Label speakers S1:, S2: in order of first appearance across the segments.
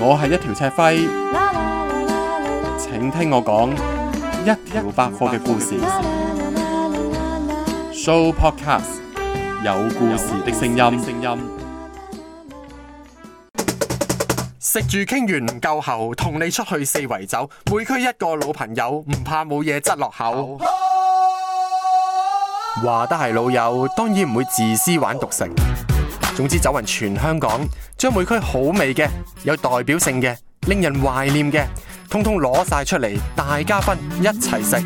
S1: 我係一條赤輝，請聽我講一條百貨嘅故事。故事 Show podcast 有故事的聲音。食住傾完唔夠喉，同你出去四圍走，每區一個老朋友，唔怕冇嘢執落口。話得係老友，當然唔會自私玩獨食。總之走勻全香港，將每區好味嘅、有代表性嘅、令人懷念嘅，通通攞晒出嚟，大家分一齊食。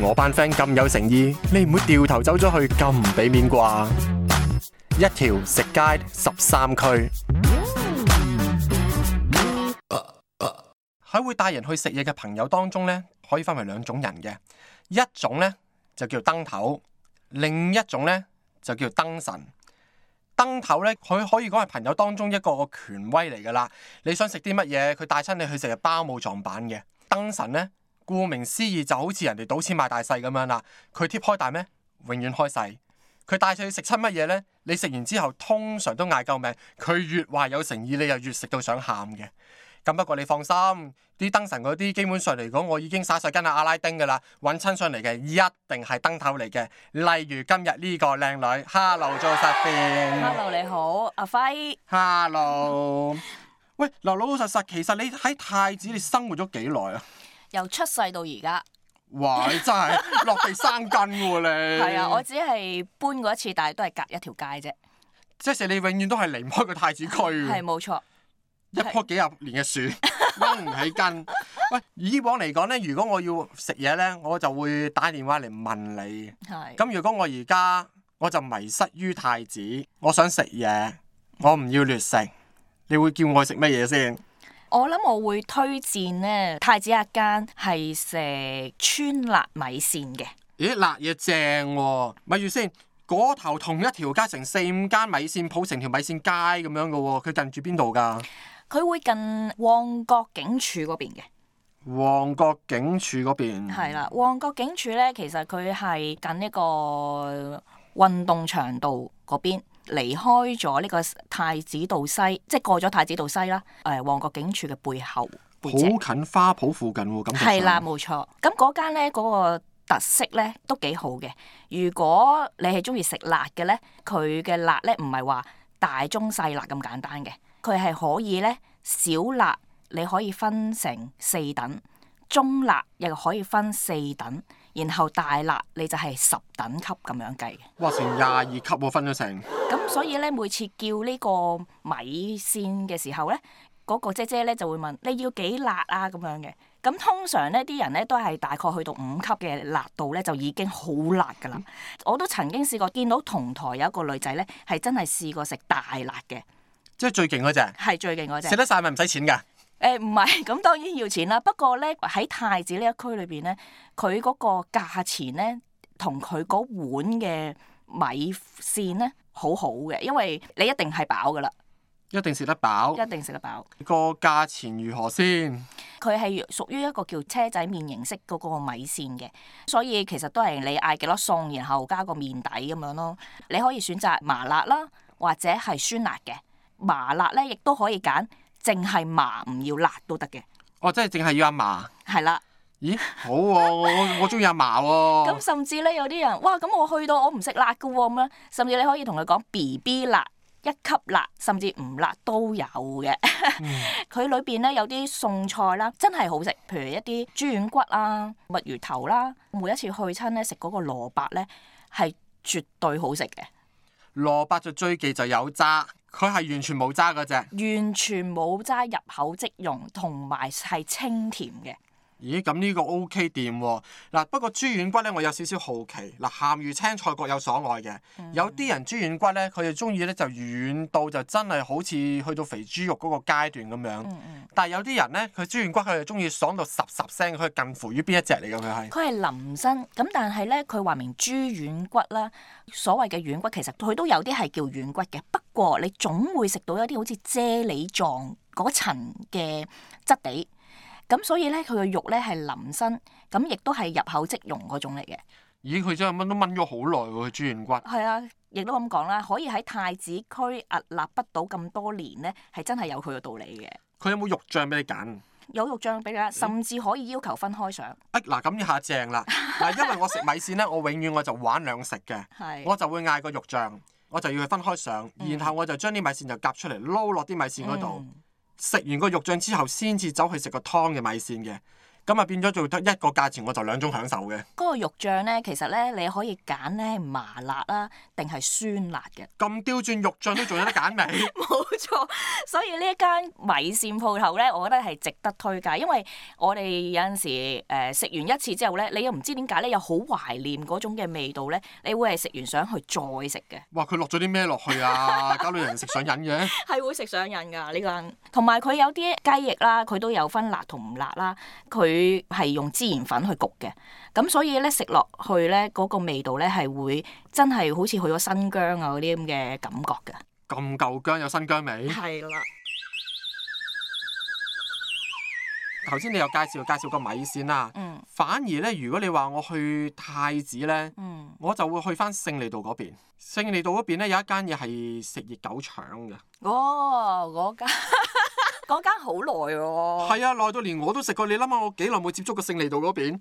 S1: 我班 friend 咁有誠意，你唔會掉頭走咗去，咁唔俾面啩？一條食街十三區，喺會帶人去食嘢嘅朋友當中呢，可以分為兩種人嘅，一種呢就叫做燈頭，另一種呢就叫做燈神。燈頭咧，佢可以講係朋友當中一個個權威嚟噶啦。你想食啲乜嘢，佢帶親你去食包冇撞板嘅。燈神咧，顧名思義就好似人哋賭錢買大細咁樣啦。佢貼開大咩？永遠開細。佢帶佢去食親乜嘢咧？你食完之後通常都嗌救命。佢越話有誠意，你又越食到想喊嘅。咁不過你放心，啲燈神嗰啲基本上嚟講，我已經殺晒跟阿阿拉丁嘅啦，揾親上嚟嘅一定係燈頭嚟嘅。例如今日呢個靚女，Hello 做實片，Hello 你
S2: 好，阿輝
S1: ，Hello。喂，嗱老老實實，其實你喺太子你生活咗幾耐啊？
S2: 由出世到而家。
S1: 哇！你真係落地生根喎你。係 啊，我只
S2: 係搬過一次，但係都係隔一條街啫。
S1: 即係你永遠都係離唔開個太子區。係冇 錯。一棵幾十年嘅樹，掹唔起根。喂， 以往嚟講咧，如果我要食嘢咧，我就會打電話嚟問你。係是。咁如果我而家我就迷失於太子，我想食嘢，我唔要劣食，你會叫我食乜嘢先？
S2: 我諗我會推薦咧，太子一間係食川辣米線嘅。
S1: 咦，辣嘢正喎，哦！咪住先，嗰頭同一條街成四五間米線鋪成條米線街咁樣嘅喎，佢近住邊度㗎？
S2: 佢會近旺角警署嗰邊嘅，
S1: 旺角警署嗰邊係
S2: 啦。旺角警署咧，其實佢係近呢個運動場道嗰邊，離開咗呢個太子道西，即係過咗太子道西啦。誒、呃，旺角警署嘅背後，好
S1: 近花圃附近喎。咁係啦，
S2: 冇錯。咁嗰間咧，嗰、嗰個特色咧都幾好嘅。如果你係中意食辣嘅咧，佢嘅辣咧唔係話大中細辣咁簡單嘅。佢係可以咧，小辣你可以分成四等，中辣又可以分四等，然後大辣你就係十等級咁樣計。哇！成
S1: 廿二級喎、啊，分咗成。
S2: 咁所以咧，每次叫呢個米線嘅時候咧，嗰個姐姐咧就會問你要幾辣啊咁樣嘅。咁通常咧，啲人咧都係大概去到五級嘅辣度咧，就已經好辣㗎啦。我都曾經試過見到同台有一個女仔咧，係真係試過食大辣嘅。
S1: 即係最勁嗰隻，
S2: 係最勁嗰隻，食得晒咪唔使錢㗎？誒，唔係，咁當然要錢啦。不過咧，喺太子呢一區裏邊咧，佢嗰個價錢咧同佢嗰碗嘅米線咧好好嘅，因為你一定係飽㗎啦，一定食得飽，一定食得飽。
S1: 個價錢如何先？
S2: 佢係屬於一個叫車仔麵形式嗰個米線嘅，所以其實都係你嗌幾多餸，然後加個麵底咁樣咯。你可以選擇麻辣啦，或者係酸辣嘅。麻辣咧，亦都可以揀，淨係麻唔要辣都得嘅。
S1: 哦，即係淨係要阿麻。係啦。咦？好喎、哦， 我我中意阿麻喎、哦。咁
S2: 甚至咧，有啲人哇，咁我去到我唔食辣噶喎、哦，咁啊，甚至你可以同佢講 B B 辣、一級辣，甚至唔辣都有嘅。佢、 嗯、裏邊咧有啲餸菜啦，真係好食，譬如一啲豬軟骨啊、墨魚頭啦、啊。每一次去親咧食嗰個蘿蔔咧，係絕對好
S1: 食嘅。蘿蔔就最忌就有渣。佢係完全冇渣嗰隻，完全
S2: 冇渣，入口即溶，同埋係清甜
S1: 嘅。咦，咁呢個 O.K. 掂喎！嗱，不過豬軟骨咧，我有少少好奇。嗱，鹹魚青菜各有所愛嘅，嗯嗯有啲人豬軟骨咧，佢就中意咧就軟到就真係好似去到肥豬肉嗰個階段咁樣。嗯嗯但係有啲人咧，佢豬軟骨佢就中意爽到十十聲，佢係近乎於邊一隻嚟嘅？佢係
S2: 佢係林身咁，但係咧佢話明豬軟骨啦，所謂嘅軟骨其實佢都有啲係叫軟骨嘅，不過你總會食到一啲好似啫喱狀嗰層嘅質地。咁所以咧，佢嘅肉咧係腍身，咁亦都係入口即溶嗰種嚟嘅。
S1: 咦，佢真係炆都炆咗好耐喎，豬軟骨。係
S2: 啊，亦都咁講啦，可以喺太子區屹立不倒咁多年咧，係真係有佢嘅
S1: 道理嘅。佢有冇肉醬俾你揀？
S2: 有肉醬俾你啦，甚至可以要求分開上。
S1: 啊嗱，咁一下正啦，嗱， 因為我食米線咧，我永遠我就玩兩食嘅， 我就會嗌個肉醬，我就要佢分開上，然後我就將啲米線就夾出嚟撈落啲米線嗰度。嗯嗯食完個肉醬之後，先至走去食個湯嘅米線嘅。咁啊變咗做得一個價錢，我就兩種享受嘅。嗰
S2: 個肉醬咧，其實咧你可以揀咧麻辣啦，
S1: 定係酸辣嘅。咁刁鑽肉醬都仲有得揀咪？
S2: 冇 錯，所以呢一間米線鋪頭咧，我覺得係值得推介，因為我哋有陣時誒食、呃、完一次之後咧，你又唔知點解咧，又好懷念嗰種嘅味道咧，你會係食完想去再食嘅。哇！佢
S1: 落咗啲咩落去啊？搞到 人食上癮嘅。
S2: 係 會食上癮㗎呢間，同埋佢有啲雞翼啦，佢都有分辣同唔辣啦，佢。佢係用孜然粉去焗嘅，咁所以咧食落去咧嗰個味道咧係會真係好似去咗
S1: 新疆啊嗰啲咁嘅感覺噶，咁舊姜有新疆味，係啦。頭先你又介紹介紹個米線啦，嗯、反而咧，如果你話我去太子咧，嗯、我就會去翻勝利道嗰邊。勝利道嗰邊咧有一間嘢係食熱狗腸嘅。
S2: 哦，嗰間嗰間好耐
S1: 喎。係 啊，耐、啊、到連我都食過。你諗下我幾耐冇接觸過勝利道嗰邊？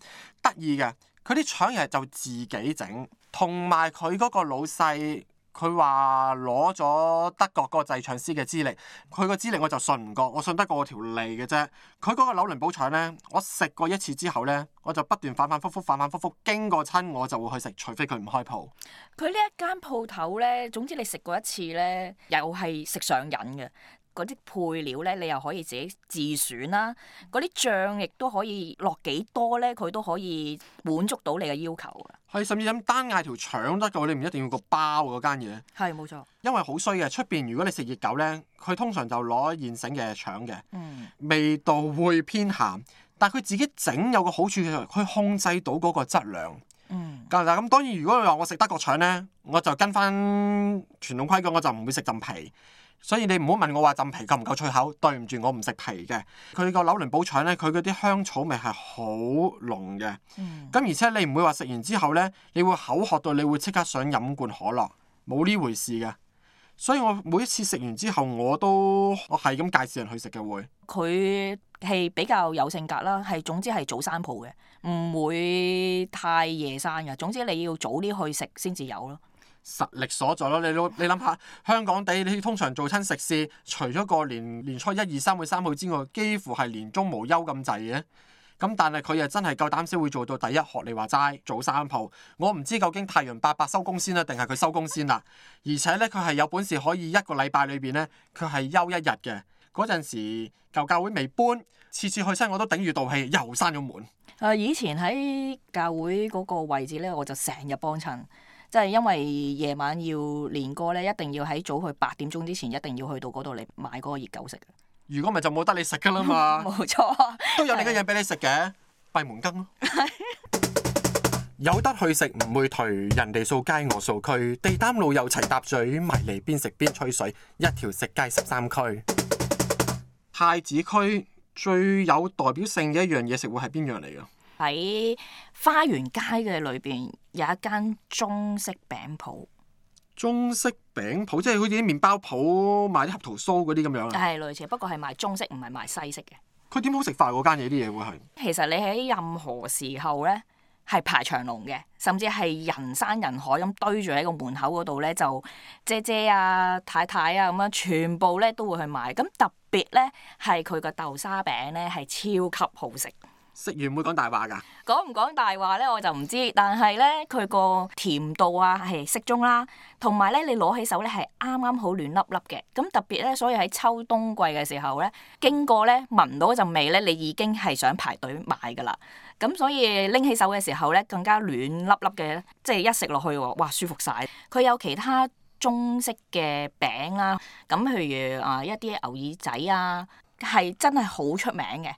S1: 得意嘅，佢啲腸嘢就自己整，同埋佢嗰個老細。佢話攞咗德國嗰個製腸師嘅資歷，佢個資歷我就信唔過，我信得過我條脷嘅啫。佢嗰個紐倫堡腸呢，我食過一次之後呢，我就不斷反反覆覆、反反覆覆經過親，我就會去食，除非佢唔開鋪。
S2: 佢呢一間鋪頭呢，總之你食過一次呢，又係食上癮嘅。嗰啲配料咧，你又可以自己自選啦、啊。嗰啲醬亦都可以落幾多咧，佢都可以滿足到你嘅要求。
S1: 係，甚至咁單嗌條腸得㗎，你唔一定要一個包嗰間嘢。係，冇錯。因為好衰嘅，出邊如果你食熱狗咧，佢通常就攞現成嘅腸嘅，嗯、味道會偏鹹。但係佢自己整有個好處，其實佢控制到嗰個質量。嗯。咁但當然，如果你話我食德國腸咧，我就跟翻傳統規矩，我就唔會食浸皮。所以你唔好問我話浸皮夠唔夠脆口，對唔住我唔食皮嘅。佢個紐倫堡腸咧，佢嗰啲香草味係好濃嘅。咁、嗯、而且你唔會話食完之後咧，你會口渴到你會即刻想飲罐可樂，冇呢回事嘅。所以我每一次食完之後我都，我係咁介紹人去食嘅會。
S2: 佢係比較有性格啦，係總之係早山鋪嘅，唔會太夜生嘅。總之你要早啲去食先至有咯。
S1: 實力所在咯，你你諗下，香港地你通常做親食肆，除咗個年年初一二三去三號之外，幾乎係年中無休咁滯嘅。咁但係佢又真係夠膽先會做到第一，學你話齋早三號。我唔知究竟太陽伯伯收工先啦，定係佢收工先啦。而且咧，佢係有本事可以一個禮拜裏邊咧，佢係休一日嘅。嗰陣時舊教會未搬，次次去親我都頂住道氣，又閂咗門。
S2: 誒、呃，以前喺教會嗰個位置咧，我就成日幫襯。即係因為夜晚要練歌咧，一定要喺早去八點鐘之前，一定要去到嗰度嚟買嗰個熱狗食。
S1: 如果唔係就冇得你食噶啦嘛。冇 沒錯， 都有你嘅嘢俾你食嘅閉門羹咯。 有得去食唔會頹，人哋掃街我掃區，地攤路又齊搭嘴埋嚟邊食邊吹水，一條食街十三區。太子區最有代表性嘅一樣嘢食會係邊樣嚟㗎？
S2: 喺花園街嘅裏邊有一間中式餅鋪，
S1: 中式餅鋪即係好似啲麵包鋪賣啲合桃酥嗰啲咁樣啦。
S2: 係類似，不過係賣中式，唔係賣西式嘅。
S1: 佢點好食法嗰間嘢啲嘢會係。
S2: 其實你喺任何時候咧係排長龍嘅，甚至係人山人海咁堆住喺個門口嗰度咧，就姐姐啊、太太啊咁樣，全部咧都會去買。咁特別咧係佢個豆沙餅咧係超級好食。食完會講,講大話㗎？講唔講大話咧？我就唔知。但係咧，佢個甜度啊係適中啦、啊。同埋咧，你攞起手咧係啱啱好暖粒粒嘅。咁特別咧，所以喺秋冬季嘅時候咧，經過咧聞到陣味咧，你已經係想排隊買㗎啦。咁所以拎起手嘅時候咧，更加暖粒粒嘅，即係一食落去喎，哇舒服晒。佢有其他中式嘅餅啦、啊，咁譬如啊一啲牛耳仔啊，係真係好出名嘅。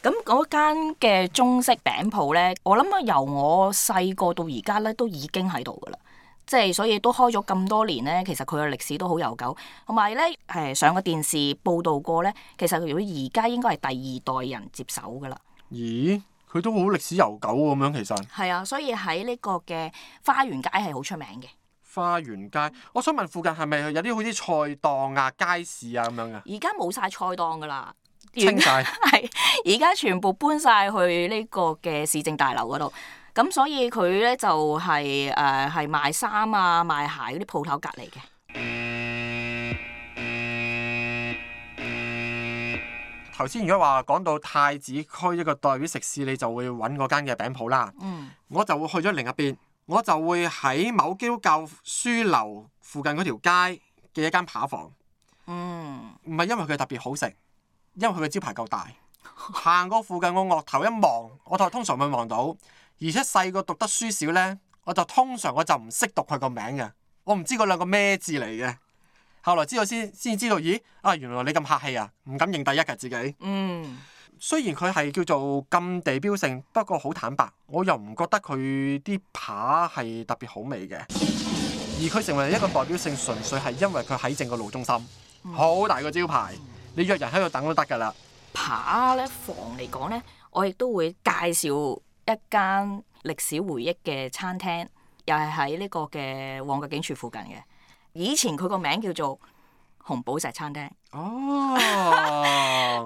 S2: 咁嗰間嘅中式餅鋪咧，我諗由我細個到而家咧，都已經喺度噶啦。即係所以都開咗咁多年咧，其實佢嘅歷史都好悠久。同埋咧，誒上個電視報導過咧，其實佢如果而家應該係第二代人接手噶啦。
S1: 咦？佢都好歷史悠久咁、啊、樣，其實。
S2: 係啊，所以喺呢個嘅花園街係好出名嘅。
S1: 花園街，我想問附近係咪有啲好似菜檔啊、街市啊咁樣啊？而家冇晒菜檔噶啦。清晒，而家 全部搬晒去呢個嘅
S2: 市政大樓嗰度，咁所以佢呢就係誒係賣衫啊、賣鞋嗰啲鋪頭隔離嘅。
S1: 頭先如果話講到太子區一個代表食肆，你就會揾嗰間嘅餅鋪啦。嗯、我就會去咗另一邊，我就會喺某基督教書樓附近嗰條街嘅一間扒房。唔係、嗯、因為佢特別好食。因為佢嘅招牌夠大，行過附近個樂頭一望，我就通常會望到；而且細個讀得書少呢，我就通常我就唔識讀佢個名嘅，我唔知嗰兩個咩字嚟嘅。後來知道先先知道，咦啊，原來你咁客氣啊，唔敢認第一嘅、啊、自己。嗯，雖然佢係叫做咁地標性，不過好坦白，我又唔覺得佢啲扒係特別好味嘅，而佢成為一個代表性，純粹係因為佢喺正個路中心，好、嗯、大個招牌。你約人喺度等都得噶啦。扒咧房嚟講咧，我亦都會介紹
S2: 一間歷史回憶嘅餐廳，又係喺呢個嘅旺角警署附近嘅。以前佢個名叫做紅寶石餐廳。哦。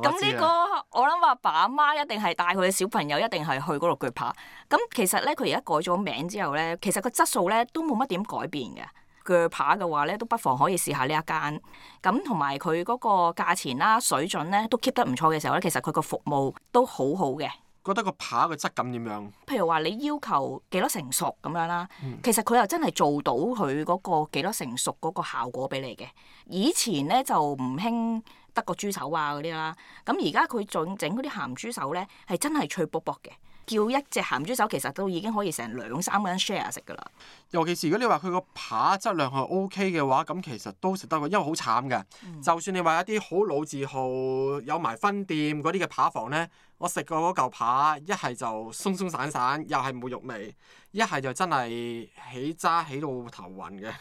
S2: 咁呢 個我諗阿爸阿媽一定係帶佢嘅小朋友，一定係去嗰度鋸扒。咁其實咧，佢而家改咗名之後咧，其實個質素咧都冇乜點改變嘅。鋸扒嘅話咧，都不妨可以試下呢一間。咁同埋佢嗰個價錢啦、水準咧，都 keep 得唔錯嘅時候咧，其實佢個服務都好好嘅。覺得個扒嘅質感點樣？譬如話你要求幾多成熟咁樣啦，其實佢又真係做到佢嗰個幾多成熟嗰個效果俾你嘅。以前咧就唔興德國豬手啊嗰啲啦，咁而家佢仲整嗰啲鹹豬手咧，係真係脆卜卜嘅。叫一隻鹹豬手其實都已經可以成兩三個人 share 食㗎喇。
S1: 尤其是如果你話佢個扒質量係 OK 嘅話，咁其實都食得嘅。因為好慘嘅，嗯、就算你話一啲好老字號有埋分店嗰啲嘅扒房咧，我食過嗰嚿扒，一係就鬆鬆散散，又係冇肉味；一係就真係起渣起到頭暈嘅。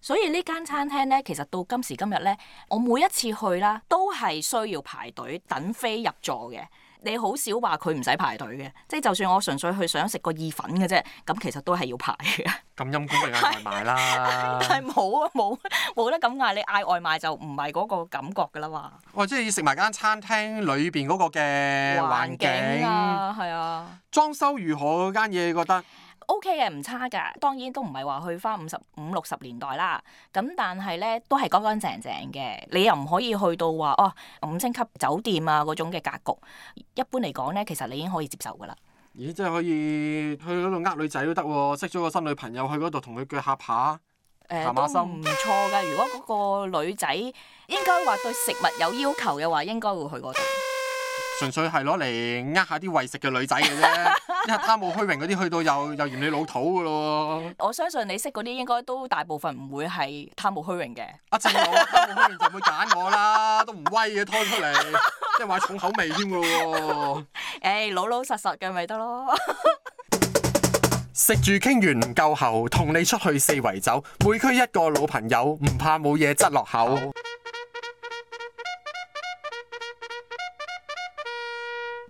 S1: 所以呢間餐廳咧，其實到今時今日咧，我每一次去啦，都係
S2: 需要排隊等飛入座嘅。你好少話佢唔使排隊嘅，即係就算我純粹去想食個意粉嘅啫，咁其實都係要排
S1: 嘅。咁陰功咪嗌外賣啦 但，但係
S2: 冇啊冇冇得咁嗌，你嗌外賣就唔係嗰個感覺噶啦嘛。
S1: 哇、哦！即係食埋間餐廳裏邊嗰個嘅環,環境啊，
S2: 係啊，
S1: 裝修如何嗰間嘢？你覺得？
S2: O K 嘅，唔、okay，差噶。當然都唔係話去返五十五六十年代啦。咁但係咧，都係乾乾淨淨嘅。你又唔可以去到話哦五星級酒店啊嗰種嘅格局。一般嚟講咧，其實你已經可以接受噶啦。
S1: 咦！真係可以去嗰度呃女仔都得喎，識咗個新女朋友去嗰度同佢腳合下。
S2: 誒、欸、都唔錯㗎。如果嗰個女仔應該話對食物有要求嘅話，應該會去嗰
S1: 度。純粹係攞嚟呃下啲為食嘅女仔嘅啫。 一貪慕虛榮嗰啲去到又又嫌你老土噶咯喎！我
S2: 相信你識嗰啲應該都大部分唔會係貪慕虛榮
S1: 嘅。阿正貪慕虛榮就唔會揀我啦，都唔威嘅拖出嚟，即係話重口味添噶喎。
S2: 誒，老老實實嘅咪得咯。
S1: 食住傾完唔夠喉，同你出去四圍走，每區一個老朋友，唔怕冇嘢窒落口。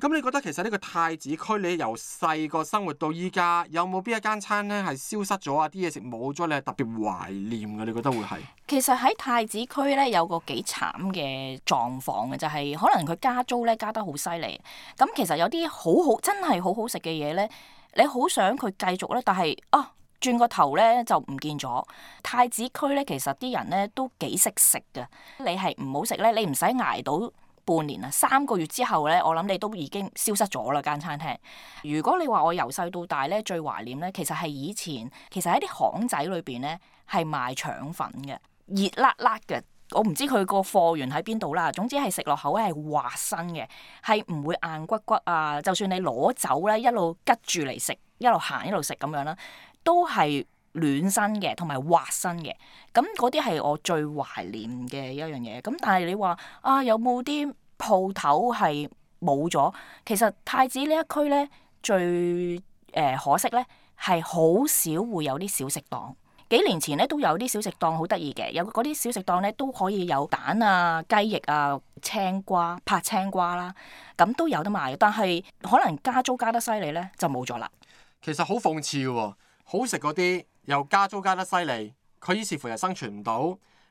S1: 咁你覺得其實呢個太子區，你由細個生活到依家，有冇邊一間餐咧係消失咗啊？啲嘢食冇咗，你係特別懷念嘅？你覺得會係、就是
S2: 啊？其實喺太子區咧，有個幾慘嘅狀況嘅，就係可能佢加租咧加得好犀利。咁其實有啲好好真係好好食嘅嘢咧，你好想佢繼續咧，但係哦，轉個頭咧就唔見咗。太子區咧其實啲人咧都幾識食嘅，你係唔好食咧，你唔使捱到半年啊，三個月之後咧，我諗你都已經消失咗啦間餐廳。如果你話我由細到大咧最懷念咧，其實係以前，其實喺啲巷仔裏邊咧係賣腸粉嘅，熱辣辣嘅。我唔知佢個貨源喺邊度啦，總之係食落口係滑身嘅，係唔會硬骨骨啊。就算你攞走咧，一路拮住嚟食，一路行一路食咁樣啦，都係。暖身嘅同埋滑身嘅，咁嗰啲係我最懷念嘅一樣嘢。咁但係你話啊，有冇啲鋪頭係冇咗？其實太子呢一區咧，最誒、呃、可惜咧係好少會有啲小食檔。幾年前咧都有啲小食檔好得意嘅，有嗰啲小食檔咧都可以有蛋啊、雞翼啊、青瓜拍青瓜啦，咁都有得賣。但係可能加租加得犀利咧，
S1: 就冇咗啦。其實好諷刺喎、哦，好食嗰啲。又加租加得犀利，佢於是乎又生存唔到，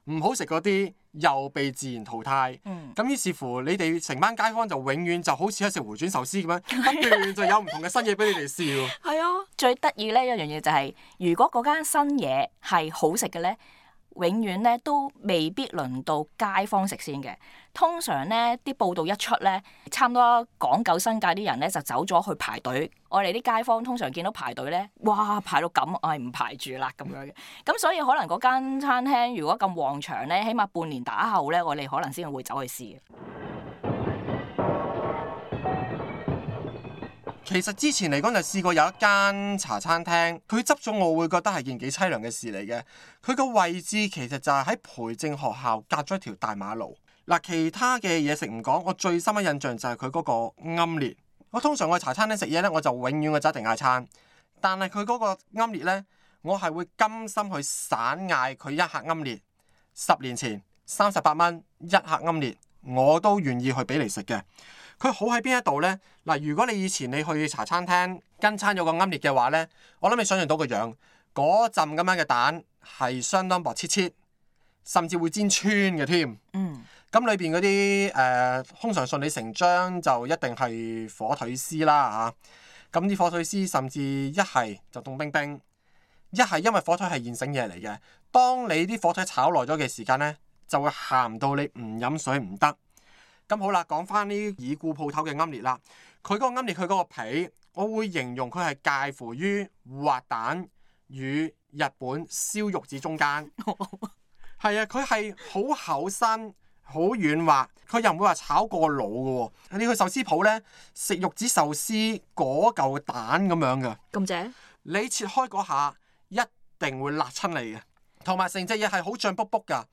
S1: 唔好食嗰啲又被自然淘汰。咁、嗯、於是乎，你哋成班街坊就永遠就好似喺食回轉壽司咁樣，不斷 就有唔同嘅新嘢俾你哋試喎。
S2: 係 啊，最得意咧一樣嘢就係，如果嗰間新嘢係好食嘅咧。永遠咧都未必輪到街坊食先嘅。通常咧啲報道一出咧，差唔多港九新界啲人咧就走咗去排隊。我哋啲街坊通常見到排隊咧，哇，排到咁，我係唔排住啦咁樣嘅。咁所以可能嗰間餐廳如果咁旺場咧，起碼半年打後咧，我哋可能先會走去試。
S1: 其實之前嚟講就試過有一間茶餐廳，佢執咗，我會覺得係件幾凄涼嘅事嚟嘅。佢個位置其實就係喺培正學校隔咗一條大馬路。嗱，其他嘅嘢食唔講，我最深嘅印象就係佢嗰個奄列。我通常去茶餐廳食嘢呢，我就永遠嘅揸定嗌餐，但係佢嗰個奄列呢，我係會甘心去散嗌佢一客奄列。十年前三十八蚊一客奄列，我都願意去俾你食嘅。佢好喺邊一度呢？嗱，如果你以前你去茶餐廳跟餐有個奄列嘅話呢，我諗你想象到個樣，嗰陣咁樣嘅蛋係相當薄切切，甚至會煎穿嘅添。嗯。咁裏邊嗰啲誒通常順理成章就一定係火腿絲啦嚇。咁、啊、啲火腿絲甚至一係就凍冰冰，一係因為火腿係現成嘢嚟嘅。當你啲火腿炒耐咗嘅時間呢，就會鹹到你唔飲水唔得。咁好啦，講翻呢已故鋪頭嘅奄列啦，佢嗰個奄列佢嗰個皮，我會形容佢係介乎於滑蛋與日本燒玉子中間。係啊， 佢係好厚身、好軟滑，佢又唔會話炒過老嘅喎。你去壽司鋪咧食玉子壽司，嗰嚿蛋咁樣嘅。咁正？你切開嗰下一定會辣親你嘅，同埋成隻嘢係好脹卜卜㗎。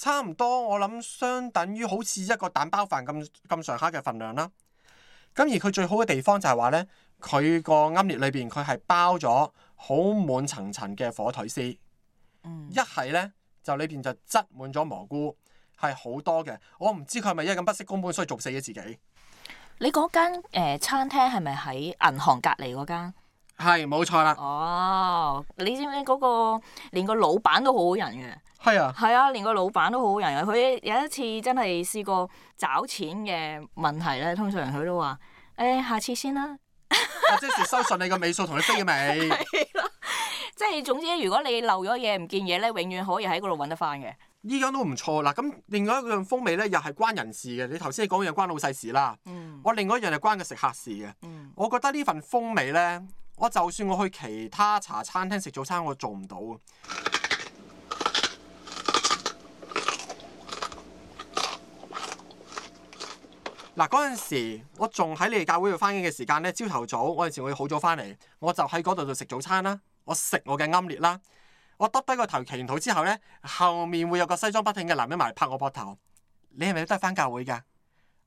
S1: 差唔多，我諗相等於好似一個蛋包飯咁咁上下嘅份量啦。咁而佢最好嘅地方就係話呢，佢個奄列裏邊佢係包咗好滿層層嘅火腿絲，一係、嗯、呢，就裏邊就擠滿咗蘑菇，係好多嘅。我唔知佢係咪因為咁不惜工本，所以做死咗自己。
S2: 你嗰間、呃、餐廳係咪喺銀行隔籬嗰間？係冇錯啦。哦，你知唔知嗰個連個老闆都好好人嘅？
S1: 係啊。係
S2: 啊，連個老闆都好好人嘅。佢有一次真係試過找錢嘅問題咧，通常佢都話：誒、欸，下次先啦。即
S1: j e s、啊就是、收上你個尾數同你飛咗未 、
S2: 啊？即係總之，如果你漏咗嘢唔見嘢咧，永遠可以喺嗰度揾得翻嘅。
S1: 呢樣都唔錯啦。咁另外一樣風味咧，又係關人事嘅。你頭先講嘅嘢關老細事啦。嗯、我另外一樣係關個食客事嘅。嗯、我覺得呢份風味咧～我就算我去其他茶餐廳食早餐，我做唔到嗱，嗰陣時我仲喺你哋教會度翻工嘅時間咧，朝頭早我以前我好早翻嚟，我就喺嗰度度食早餐啦。我食我嘅奄列啦。我耷低個頭祈完禱之後咧，後面會有個西裝筆挺嘅男人埋嚟拍我膊頭：你係咪都得翻教會噶？啊、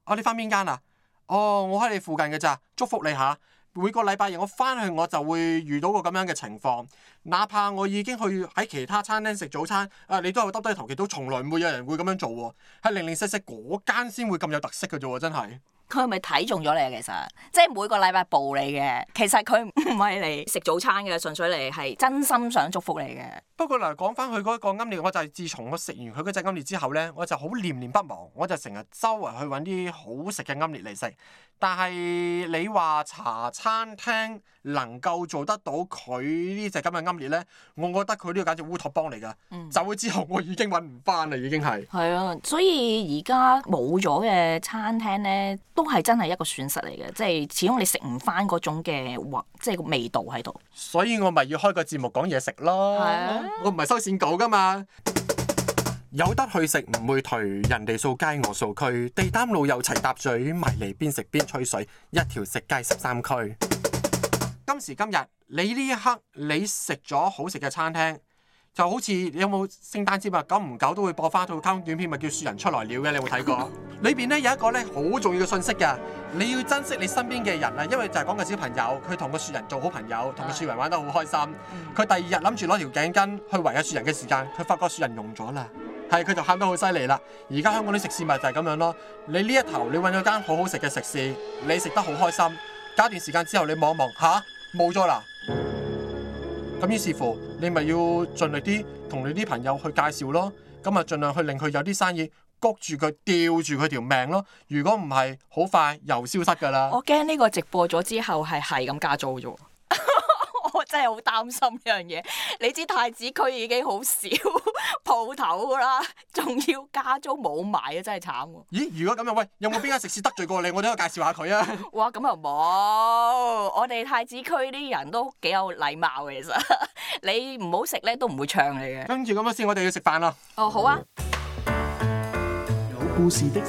S1: 哦，你翻邊間啊？哦，我喺你附近㗎咋，祝福你下。每個禮拜日我翻去我就會遇到個咁樣嘅情況，哪怕我已經去喺其他餐廳食早餐，啊你都係會耷低頭，其實都從來唔會有人會咁樣做喎，係零零細細嗰間先會咁有特色㗎啫喎，真係。
S2: 佢係咪睇中咗你啊？其實即係每個禮拜報你嘅，其實佢唔係嚟食早餐嘅，純粹嚟係真心想祝福你嘅。
S1: 不過嚟講翻佢嗰個奄列，我就係自從我食完佢嗰隻奄列之後咧，我就好念念不忘，我就成日周圍去揾啲好食嘅奄列嚟食。但係你話茶餐廳能夠做得到佢呢隻咁嘅奄列咧，我覺得佢呢個簡直烏托邦嚟㗎。走咗、嗯、之後我已經揾唔翻啦，已經係。
S2: 係啊，所以而家冇咗嘅餐廳咧都係真係一個損失嚟嘅，即係始終你食唔翻嗰種嘅，即
S1: 係個味道喺度。所以我咪要開個節目講嘢食咯，嗎我唔係收線稿噶嘛。 有得去食唔會頹，人哋掃街我掃區，地攤路又齊搭嘴，咪嚟邊食邊吹水，一條食街十三區。 今時今日，你呢一刻你食咗好食嘅餐廳。就好似你有冇聖誕節物，久唔久都會播翻一套卡通短片，咪叫雪人出來了嘅。你有冇睇過？裏邊 呢有一個呢好重要嘅信息㗎，你要珍惜你身邊嘅人啦，因為就係講個小朋友，佢同個雪人做好朋友，同個雪人玩得好開心。佢第二日諗住攞條頸巾去圍住雪人嘅時間，佢發覺雪人溶咗啦，係佢就喊得好犀利啦。而家香港啲食肆咪就係咁樣咯，你呢一頭你揾咗間好好食嘅食肆，你食得好開心，隔段時間之後你望一望吓，冇咗啦。咁於是乎，你咪要盡力啲同你啲朋友去介紹咯，咁啊盡量去令佢有啲生意，焗住佢吊住佢條命咯。如果唔係，好快又消失㗎啦。
S2: 我驚呢個直播咗之後係係咁加租啫喎， 我真係好擔心呢樣嘢。你知太子區已經好少。 鋪頭噶啦，仲要加租冇買啊，真係慘喎！
S1: 咦，如果咁樣，喂，有冇邊間食肆得罪過你？ 我都要介紹下佢啊！
S2: 哇，咁又冇，我哋太子區啲人都幾有禮貌嘅，其實你唔好食咧都唔
S1: 會唱你嘅。跟住咁樣先，我哋要食飯咯。哦，好啊。有故事的